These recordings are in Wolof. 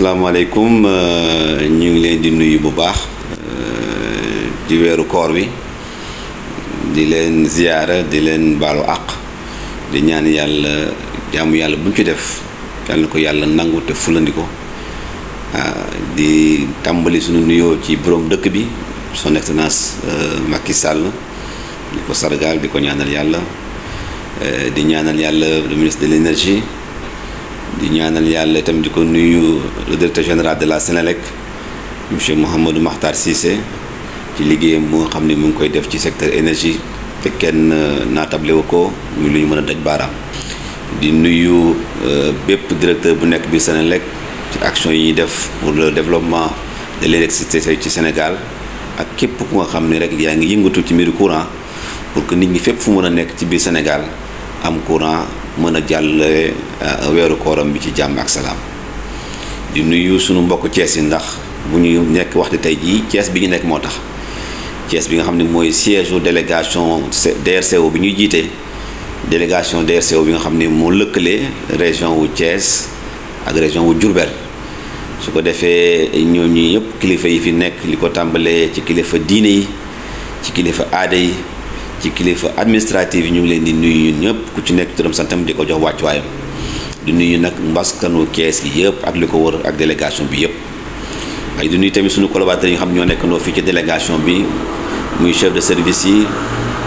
salaamaaleykum euh, ñu ngi leen di nuyu bu baax euh, di weeru koor wi di leen ziyaara di leen baalu àq di ñaan yàlla jàmm yàlla bu ñu ci def yàlla ko yàlla nangu te fulandi ko euh, di tàmbali sunu nuyoo ci boroom dëkk bi son excellence Macky Sall di ko sargal di ko ñaanal yàlla di ñaanal yàlla le ministre de l'énergie di ñaanal yàlla itam di ko nuyu le directeur général de la Sénélec monsieur Mouhamadou Makhtar Cissé ci liggéeyam mu nga xam ne mu ngi koy def ci secteur énergie te kenn euh, naatable wu ko muy lu ñu mën a daj baaraam di nuyu euh, bépp directeur bu nekk biir Sénélec ci action yi ñuy def pour le développement de l'électricité ci Sénégal ak képp ku nga xam ne rek yaa ngi yëngatu ci mbiru courant pour que nit ñi fépp fu mën a nekk ci biir Sénégal am courant mën jallé wéru euh, weeru kooram bi ci jamm ak salam di nuyu sunu mbokk Cees ndax bu ñu nekk waxtu tey jii Cees bi ñu nekk motax tax bi nga xam moy mooy siège délégation DRCO bi ñu jité délégation DRCO bi nga xam mo moo région wu Cees ak région wu Diourbel su ko défé defee ñooñu ñëpp kilifa yi fi nekk liko tambalé ci kilifa diiné yi ci kilifa aada yi ci kilifa administrative ñu ngi leen di nuyu ñun ñëpp ku ci nekk turam santam di ko jox wàccuwaayam di nuyu nag mbaskanu kees gi yëpp ak li ko wër ak délégation bi yëpp ay di nuyu tamit suñu collaborateur yi nga xam ñoo nekk noo fii ci délégation bi muy chef de service yi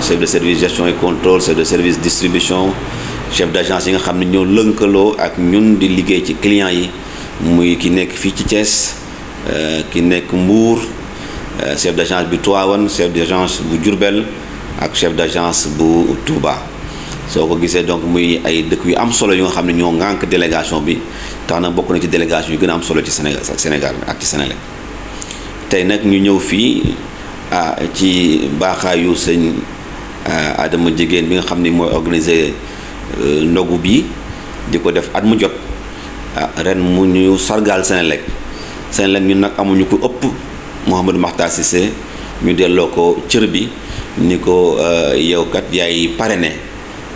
chef de service gestion et contrôle chef de service distribution chef d' agence yi nga xam ne ñoo lënkaloo ak ñun di liggéey ci client yi muy ki nekk fii ci Thiès euh, ki nekk Mbour euh, chef d' agence bi Tivaouane chef d' agence bu Diourbel ak chef d'agence bu Touba soo ko gisee donc muy ay dëkk yu am solo yu nga xam ne ñoo ngànk délégation bi tax na bokk na ci délégation yu gën a am solo ci Sénégal Sénégal ak ci Sénégal tey nag ñu ñëw fii ah ci baaxaayu sëñ ah, Adama Jigéen bi nga xam ni mooy organiser euh, ndogu bi di ko def at mu jot ah, ren mu ñu sargaal Sénélec Sénélec ñun nag amuñu ko ëpp Mouhamadou Makhtar ñu delloo ko cër bi ni ko euh, yow kat pare parrainé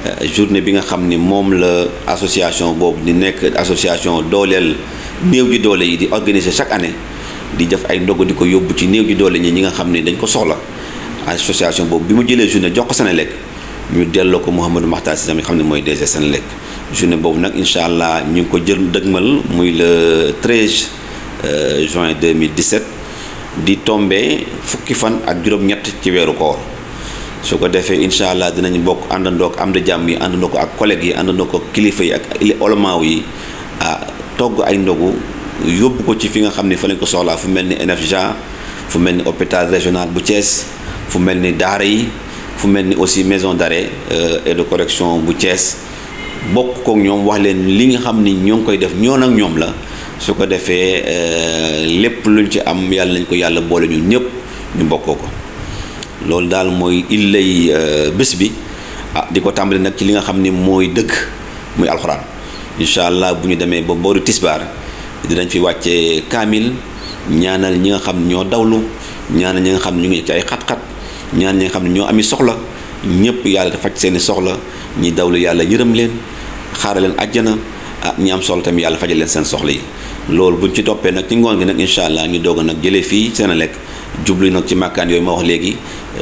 euh, journée bi nga xam ni moom la association boobu di nekk association dooleel néew ji doole yi di organiser chaque année di def ay ndogu di ko yóbbu ci néew ji doole ñi ñi nga xam ne dañ ko soxla association boobu bi mu jëlee journée jox ko lekk ñu delloo ko Mouhamadou Makhtar Cissé xam ne mooy DG Senelec journée boobu nag incha allah ñu ngi ko jël dëgmal muy le 13 euh, juin deux 2017 di tombé fukki fan ak juróom-ñett weeru koor su ko defee incha allah dinañ bokk àndandoo ak am da jàmm yi àndandoo ko ak collègues yi àndandoo ko kilifa yi ak olomaaw yi ah togg ay ndogu yóbbu ko ci fi nga xam ne fa lañ ko soxlaa fu mel ni NFJA fu mel ni hôpital régional bu cees fu mel ni daara yi fu mel ni aussi maison d'arrêt euh, et de correction bu cees bokk kook ñoom wax leen li nga xam ni ñoo ngi koy def ñoon ak ñoom la su ko defee euh, lépp luñ ci am yàlla nañ ko yàlla boole ñun ñëpp ñu bokkoo ko. loolu daal mooy illay euh, bés bi ah, di ko tàmbali nag ci li nga xam ni mooy dëkk muy alxuraan incha allah bu ñu demee ba boori tisbaar dinañ fi wàccee kaamil ñaanal ñi nga xam ñoo dawlu ñaanal ñi nga xam ñu ngi ci ay xat-xat ñaanal xam ñoo ami soxla ñëpp yàlla faj seeni soxla ñi dawlu yàlla yërëm leen xaaral leen àjjana ah ñi am soxla tamit yàlla fajal leen seen soxla yi loolu bu buñ ci toppee nag ci ngoon gi nag incha allah ñu doog a nag jëlee fii seen a lekk jublu nag ci màkkaan yooyu ma wax léegi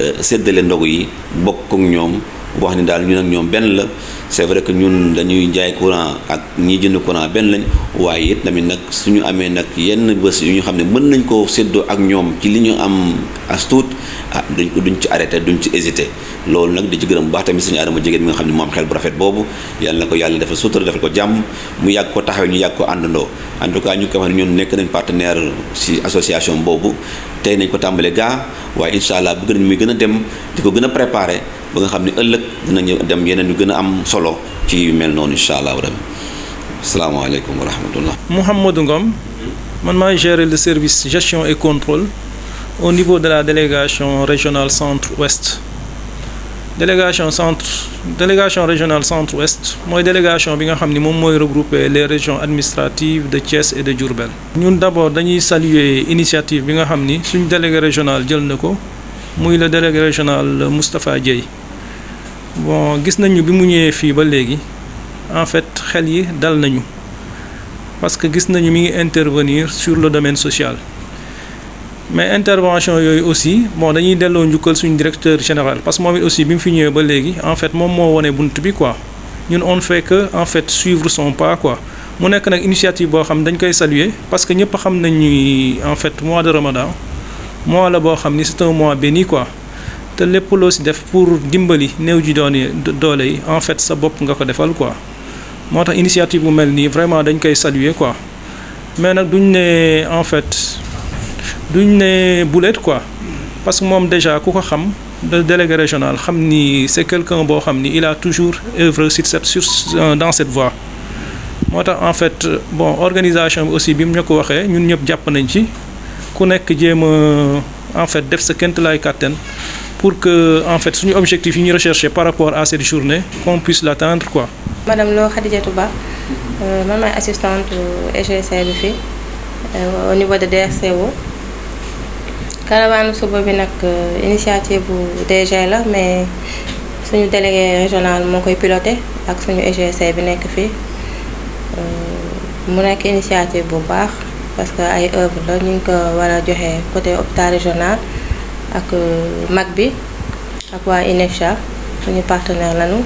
euh, séddale ndogu yi bokk ak ñoom boo xam ne daal ñu ak ñoom benn la c'est vrai que ñun dañuy jaay courant ak ñi jënd courant benn lañ waaye it tamit nag su ñu amee nag yenn bés yu ñu xam ne mën nañ koo séddoo ak ñoom ci li ñu am as tuut ah duñ ko duñ ci arrêté duñ ci hésité loolu nag di ci gërëm baax tamit suñu adama jigéen mi nga xam ne moo am xel bu rafet boobu yàlla na ko yàlla defal sutura defal ko jàmm mu yàgg ko taxawee ñu yàgg ko àndandoo en tout cas ñu ko wax ne ñun nekk nañ partenaire ci association boobu tey nañ ko tàmbale gaa waaye incha allah bëgg nañ muy gën a dem di ko gën a préparé ba nga xamni ëlëk ëllëg dinañu dem yeneen yu gëna am solo ci yu mel non inshallah rabbi assalamu alaykum wa rahmatullah mohammed Ngom man ma gérer le service gestion et contrôle au niveau de la délégation régionale centre-ouest délégation centre délégation régionale centre-ouest moy délégation bi nga xamni mom moy regrouper les régions administratives de Thiès et de Diourbel. ñun d'abord dañuy saluer initiative bi nga xamni suñu délégué régional jël nako muy le délégué régional Moustapha Dieye bon gis nañu bi mu ñëwee fii ba léegi en fait xel yi dal nañu parce que gis nañu mi ngi intervenir sur le domaine social mais intervention yooyu aussi bon dañuy delloo njukkal suñu directeur général parce que moom it aussi bi mu fi ñëwee ba léegi en fait moom moo wone bunt bi quoi ñun on fait que en fait suivre son pas quoi mu nekk nag initiative boo xam dañ koy saluer parce que ñëpp xam nañ ni en fait mois de Ramadan mois la boo xam ni c'est un mois béni quoi te lépp loo si def pour dimbali néew ji doon doole yi en fait sa bopp nga ko defal quoi moo tax initiative bu mel nii vraiment dañ koy saluer quoi mais nag duñ ne en fait duñ ne bulet quoi parce que moom déjà ku ko xam le délégué régional xam ni c'est quelqu'un boo xam ni il a toujours œuvre sur cette sur dans cette voie moo tax en fait bon organisation bi aussi bi mu ñu ko waxee ñun ñëpp jàpp nañ ci ku nekk jéem en fait def sa kéemtalaay kàttan pour que en fait suñu objectif que ñu recherchons par rapport à cette journée qu'on puisse l'atteindre quoi. madame Lo Khadija Touba, euh, maman assistante au e bi euh, au niveau de DRCO caravane suba bi une euh, initiative bu DG la mais suñu délégué régional moo koy donc ak suñu EGC bi fi Nous euh, mu une initiative bu baax parce que ay œuvre la ñu ko war joxé côté hôpital régional. ak euh, mag bi ak waa INEFJA suñu partenaire lañu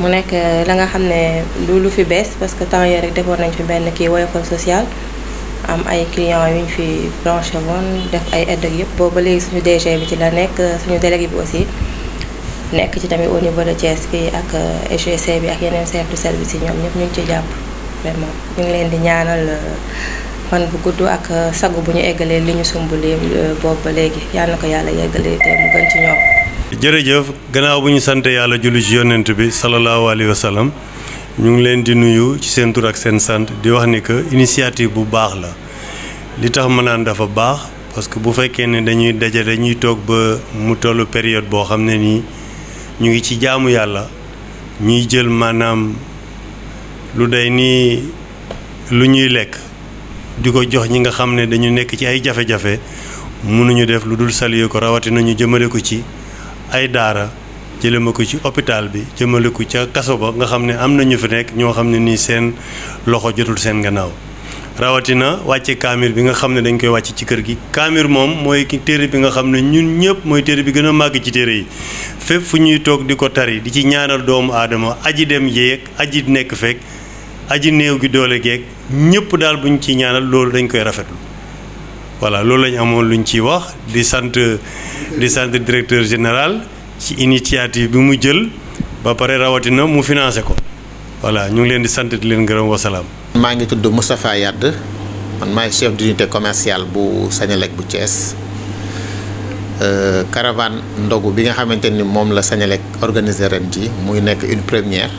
mu nekk euh, la nga xam ne lu lu fi bees parce que temps yii rek defoon nañ fi benn kii woyofal social am ay clients yu ñu fi branché woon def ay aide ak yëpp booba léegi suñu DG bi ci la nekk euh, suñu délégué bi aussi nekk ci tamit au niveau de Thiès bi ak EGC bi ak yeneen chef de service yi ñoom ñëpp ñu ngi ci jàpp vraiment ñu ngi leen di ñaanal fan bu gudd ak euh, sagu euh, ba léegi yal na jërëjëf gannaaw bu ñu sant yàlla julli ci yonent bi salallaahu alayhi wa sallam ñu ngi leen di nuyu ci seen ak seen sant di wax ni que initiative bu baax la li tax ma naan dafa baax parce que bu fekkee ne dañuy daje ñuy toog ba mu tollu période boo xam ne nii ñu ngi ci jaamu yàlla ñuy jël maanaam lu day nii lu ñuy lekk. di ko jox ñi nga xam ne dañu nekk ci ay jafe-jafe mënuñu def lu dul saluer ko rawatina ñu jëmale ko ci ay daara jëlema ko ci hôpital bi jëmale ko ca kaso ba nga xam ne am na ñu fi nekk ñoo xam ne nii seen loxo jotul seen gannaaw rawatina wàcce kaamir bi nga xam ne dañ koy wàcc ci kër gi kaamir moom mooy téere bi nga xam ne ñun ñëpp mooy téere bi gën a màgg ci téere yi fépp fu ñuy toog di ko tari di ci ñaanal doomu aadama aji dem yéeg aji nekk fekk aji neew gi doole geek ñepp dal buñ ci ñaanal loolu dañ koy rafetlu voilà loolu lañ amoon luñ ci wax di sante di sante directeur général ci initiative bi mu jël ba pare rawatina mu financé ko voilà ñu ngi leen di sante di leen gërëm wasalaam maa ngi tudd Moustapha Yadd man maay chef d'unité commerciale bu Senelec bu Thiès euh, caravane ndogu bi nga xamante ni moom la Senelec organiser ren ji muy nekk une première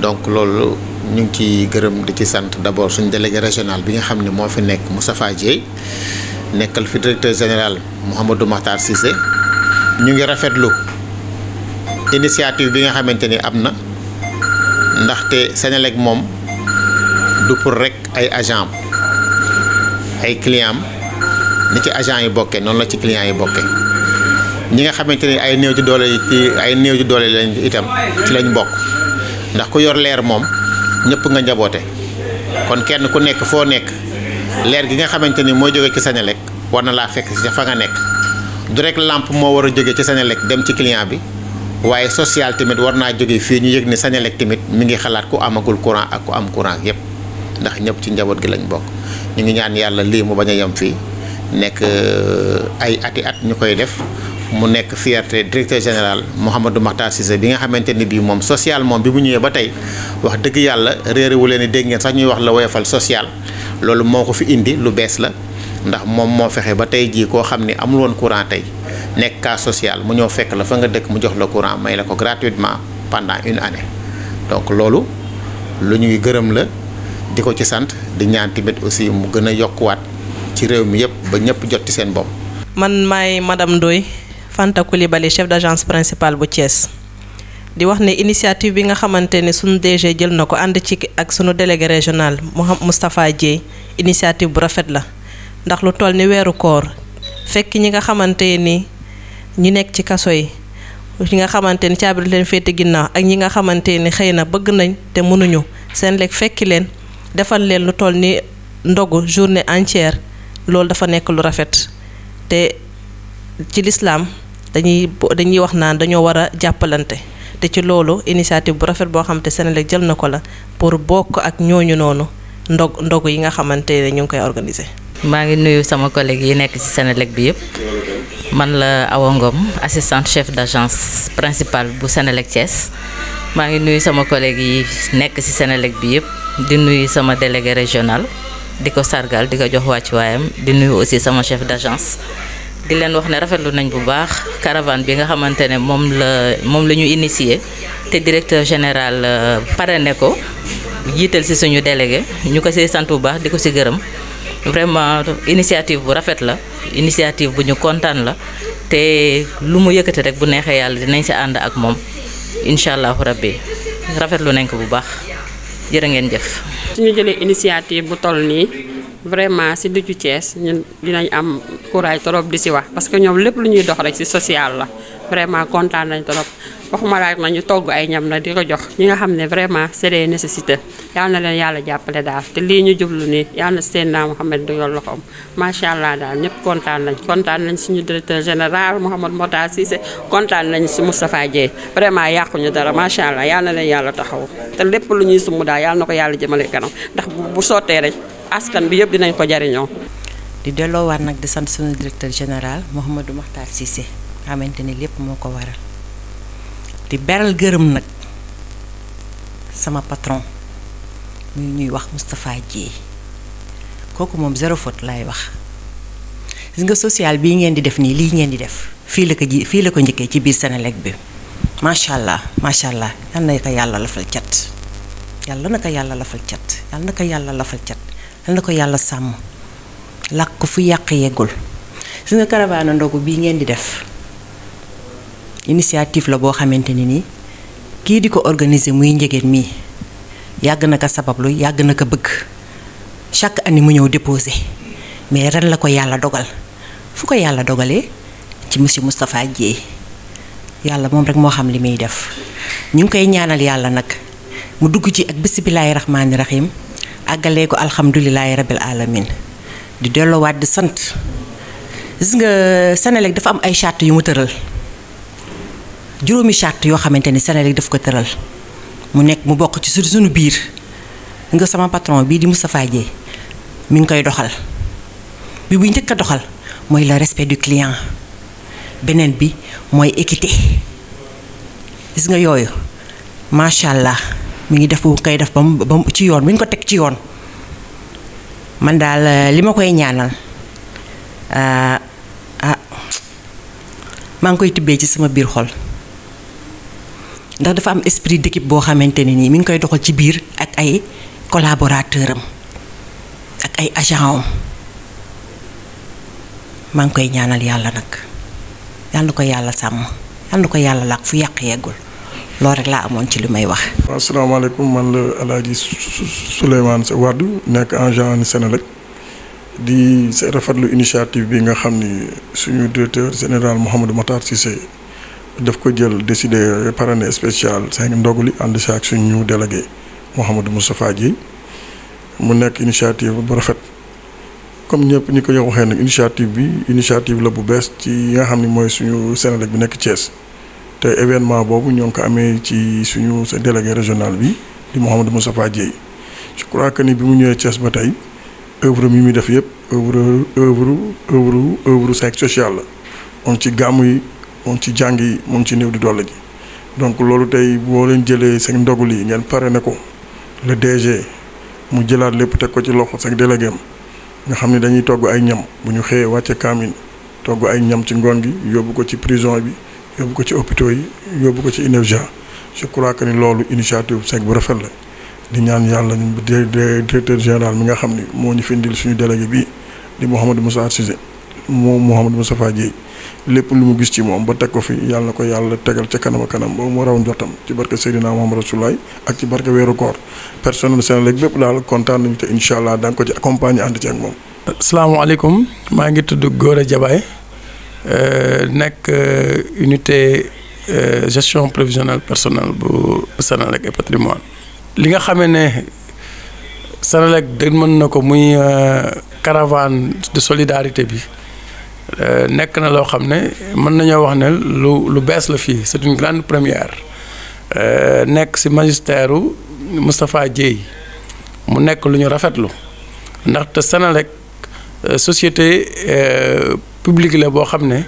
donc loolu ñu ngi ciy gërëm di ci sant d'abord suñu délégué régional bi nga xam ne moo fi nekk Moustapha Dieye nekkal fi directeur général Mouhamadou Makhtar sise ñu ngi rafetlu initiative bi nga xamante ni am na ndaxte Senelec moom du pour rek ay agent ay client ni ci agent yi bokkee noonu la ci client yi bokkee ñi nga xamante ni ay néew ci doole ci ay néew ci doole lañ itam ci lañ bokk ndax ku yor leer moom ñëpp nga njaboote kon kenn ku nekk foo nekk leer gi nga xamante ni mooy jóge ci Senelec war na laa fekk ci fa nga nekk du làmp moo war a jóge ci sañalek dem ci client bi waaye social tamit war naa jóge fii ñu yëg ni Senelec tamit mi ngi xalaat ku amagul courant ak ku am courant yépp ndax ñëpp ci njaboot gi lañ bokk ñu ngi ñaan yàlla lii mu bañ a yem fii nekk euh, ay ati at ñu koy def mu nekk fierté directeur général Mouhamadou Makhtar Cissé bi nga xamante ni bii moom social moom bi mu ñëwee ba tey wax dëgg yàlla réeré wu leen ni dégg ngeen sax ñuy wax la woyofal social loolu moo ko fi indi lu bees la ndax moom moo fexe ba tey jii koo xam ni amul woon courant tey nekk cas social mu ñoo fekk la fa nga dëkk mu jox la courant may la ko gratuitement pendant une année donc loolu lu ñuy gërëm la di ko ci sant di ñaan tamit aussi mu gën a yokkuwaat ci réew mi yëpp ba ñëpp jot ci seen bopp. Fanta Coulibaly chef d' agence principale bu cees di wax ne initiative bi nga xamante ne sunu DG jël na ko ànd ci ak sunu délégué régional Mouhamed Moustapha Dieye initiative bu rafet la ndax lu toll ni weeru koor fekk ñi nga xamante ni ñu nekk ci kaso yi ñi nga xamante ni caabi leen féete ginnaaw ak ñi nga xamante ni xëy na bëgg nañ te mënuñu seen lekk fekki leen defal leen lu toll ni ndogu journée entière loolu dafa nekk lu rafet te ci lislaam dañuy dañuy wax naan dañoo war a jàppalante te ci loolu initiative bu rafet boo xamante Senelec jël na ko la pour bokk ak ñooñu noonu ndog ndog yi nga xamante ne ñu ngi koy organiser. maa ngi nuyu sama collègue yi nekk ci Senelec bi yëpp man la Awa Ngom assistante chef d'agence principale bu Senelec Thiès maa ngi nuyu sama collègue yi nekk ci Senelec bi yëpp di nuyu sama délégué régional di ko sargal di ko jox waayam di nuyu aussi sama chef d'agence. di len wax ne rafetlu nañ bu baax caravane bi nga xamantene mom la mom lañu initier té te directeur général euh, parrainé ko jiital ci suñu délégué ñuko sé sant bu baax diko ci vraiment initiative bu rafet la initiative bu ñu contane la te lu mu yëkëté rek bu nexé yalla dinañ ci and ak mom inshallah rabbi rafetlu nañ ko bu baax jërë ngeen jëf. suñu jëlé initiative bu toll ni vraiment si dëju Thiès ñun dinañ am courage trop di si wax parce que ñoom lépp lu ñuy dox rek si social la vraiment kontaan nañ trop waxuma laak nañu togg ay ñam na di ko jox ñi nga xam ne vraiment c'est des nécessités yal na leen yàlla jàppale daal te lii ñu jublu nii yal na seen naa Mouhamed dugal loxoom macha allah daal ñëpp kontaan nañ kontaan nañ suñu directeur général Mouhamed Mota Cissé kontaan nañ si Moustapha Dieye vraiment yàquñu dara macha allah yal leen yàlla taxaw te lépp lu ñuy sumb daal yal na ko yàlla jëmale kanam ndax askan bi yëpp dinañ ko jariñoo di delloowaat nag di sant sunu directeur général Mouhamadou Makhtar Cissé xamante ni lépp moo ko waral di baral gërëm nag sama patron muy ñuy wax Moustapha Dieye kooku moom zéro faute laay wax gis nga social bii ngeen di def nii lii ngeen di def fii la ko ji fii la ko njëkkee ci biir Senelec bi macha allah macha allah yàlla lafal cat yàlla na ko yàlla lafal cat yàlla na ko yàlla lafal cat lan la ko yàlla sàmm làkk ko fu yàq yeggul su nga caravane ndogu bii ngeen di def initiative la boo xamante ni nii kii di ko organiser muy njegeen mii yàgg na ko sabablu yàgg na ko bëgg chaque année mu ñëw déposé mais ren la ko yàlla dogal fu ko yàlla dogalee ci monsieur Moustapha Dieye yàlla moom rek moo xam li muy def ñu ngi koy ñaanal yàlla nag mu dugg ci ak bismillaahi rahmaani rahim agalé ko alhamdoulillah rabbil alamin di wat di sant gis nga sénégal dafa am ay charte yu mu teural juroomi charte yo xamanteni sénégal Senelec daf ko teural mu nek mu bok ci suñu biir nga sama patron bi di Moustapha Dieye mi ngi koy doxal bi bu doxal moy le respect du client benen bi moy équité gis nga yoyu machallah mi ngi def bu koy def ba mu ba mu ci yoon mi ngi ko teg ci yoon man daal euh, li ma koy ñaanal euh, ah maa ngi koy tibbee ci sama biir xol ndax dafa am esprit d'équipe boo xamante ne nii mi ngi koy doxal ci biir ak ay collaborateur am ak ay agent am maa ngi koy ñaanal yàlla nag yàlla na ko yàlla sàmm yàlla ko yàlla làq fu yàq yeggul. loolu rek laa amoon ci li may wax. asalaamaaleykum man la El Hadj Souleymane Wade nekk agent en Sénélec di rafetlu initiative bi nga xam ni suñu directeur général Mouhamadou Matar Cissé daf ko jël décider parrainage spécial seen ndogu li ànd si ak suñu délégué Mouhamadou Moustapha Dieye mu nekk initiative bu rafet. comme ñëpp ñi ko yow waxee nag initiative bi initiative la bu bees ci nga xam ni mooy suñu Sénélec bi nekk Thiès. te événement boobu ñoo ngi ko amee ci suñu sa délégué régional bi di Mouhamadou Moustapha Dieye je crois que ni bi mu ñëwee Thiès ba tey œuvre mi muy def yëpp œuvre œuvre œuvre œuvre sec sociale la moom ci gàmm yi moom ci jàng yi moom ci néew di doole ji donc loolu tey boo leen jëlee seen ndogul lii ngeen pare ne ko le DG mu jëlaat lépp teg ko ci loxo seen délégué am nga xam ne dañuy togg ay ñam bu ñu xëyee wàcce kaamin togg ay ñam ci ngoon gi yóbbu ko ci prison bi yóbbu ko ci hôpitaux yi yóbbu ko ci INEFJA je crois que ni loolu initiative Seck bu rafet la di ñaan yàlla directeur général mi nga xam ni moo ñu fi indil suñu délégué bi di Mouhamadou Moussa Cissé moom Mouhamadou Moustapha Dieye lépp lu mu gis ci moom ba teg ko fi yàlla na ko yàlla tegal ca kanam a kanam ba mu raw njottam ci barke Seydina Muhammad Rasulaay ak ci barke weeru koor personnel Senelec bépp daal kontaan nañu te incha allah da ko ci accompagner ànd ci ak moom. salaamaaleykum maa ngi tudd Gora Jabaay Euh, nekk euh, unité euh, gestion prévisionnelle personnelle bu Senelec et patrimoine li nga xamé né sanalek da mën na ko muy caravane de solidarité bi nek na lo xamné mën nañu wax né lu lu bees la fi c'est une grande première nek ci magistère u Djey mu nek lu ñu rafetlu ndaxte Senelec société publique la boo xam ne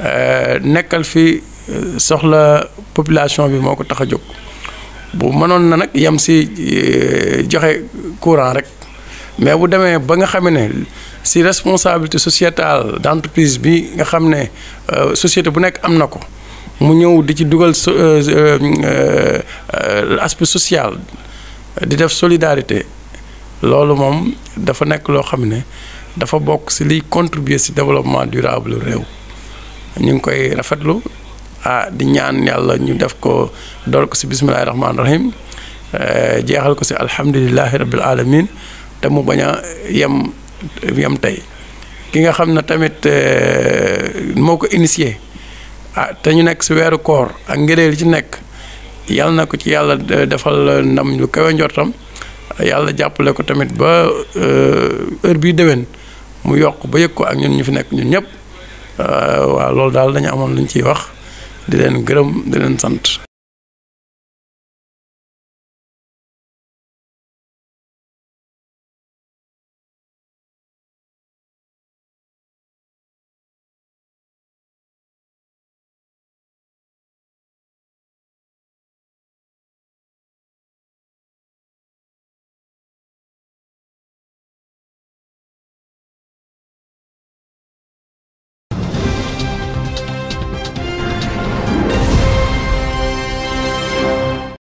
euh, nekkal fi euh, soxla population bi moo ko tax a jóg bu mënoon na nag yem si euh, joxe courant rek mais bu demee ba nga xam ne si responsabilité sociétale entreprise bi nga xam ne société bu nekk am na ko mu ñëw di ci dugal aspect social di def solidarité loolu moom dafa nekk loo xam ne. dafa bok ci li contribuer ci développement durable rew ñu ngi koy rafetlu ah di ñaan yalla ñu def ko door ko ci bismillahir rahmaani rahim e, jeexal ko ci alhamdullilah rabbil alamin te mu baña yam yam tay ki nga xam tamit euh ko initier ah te ñu nek ci wéru koor ak ngëneel ci nek yalla nako ci yalla e, defal ndam ñu kawe ndortam yalla jàppale ko tamit ba e, heure bi dewen mu yokk ba yëg ko ak ñun ñu fi nekk ñun ñëpp euh, waaw loolu daal dañu amoon lu ciy wax di leen gërëm di leen sant.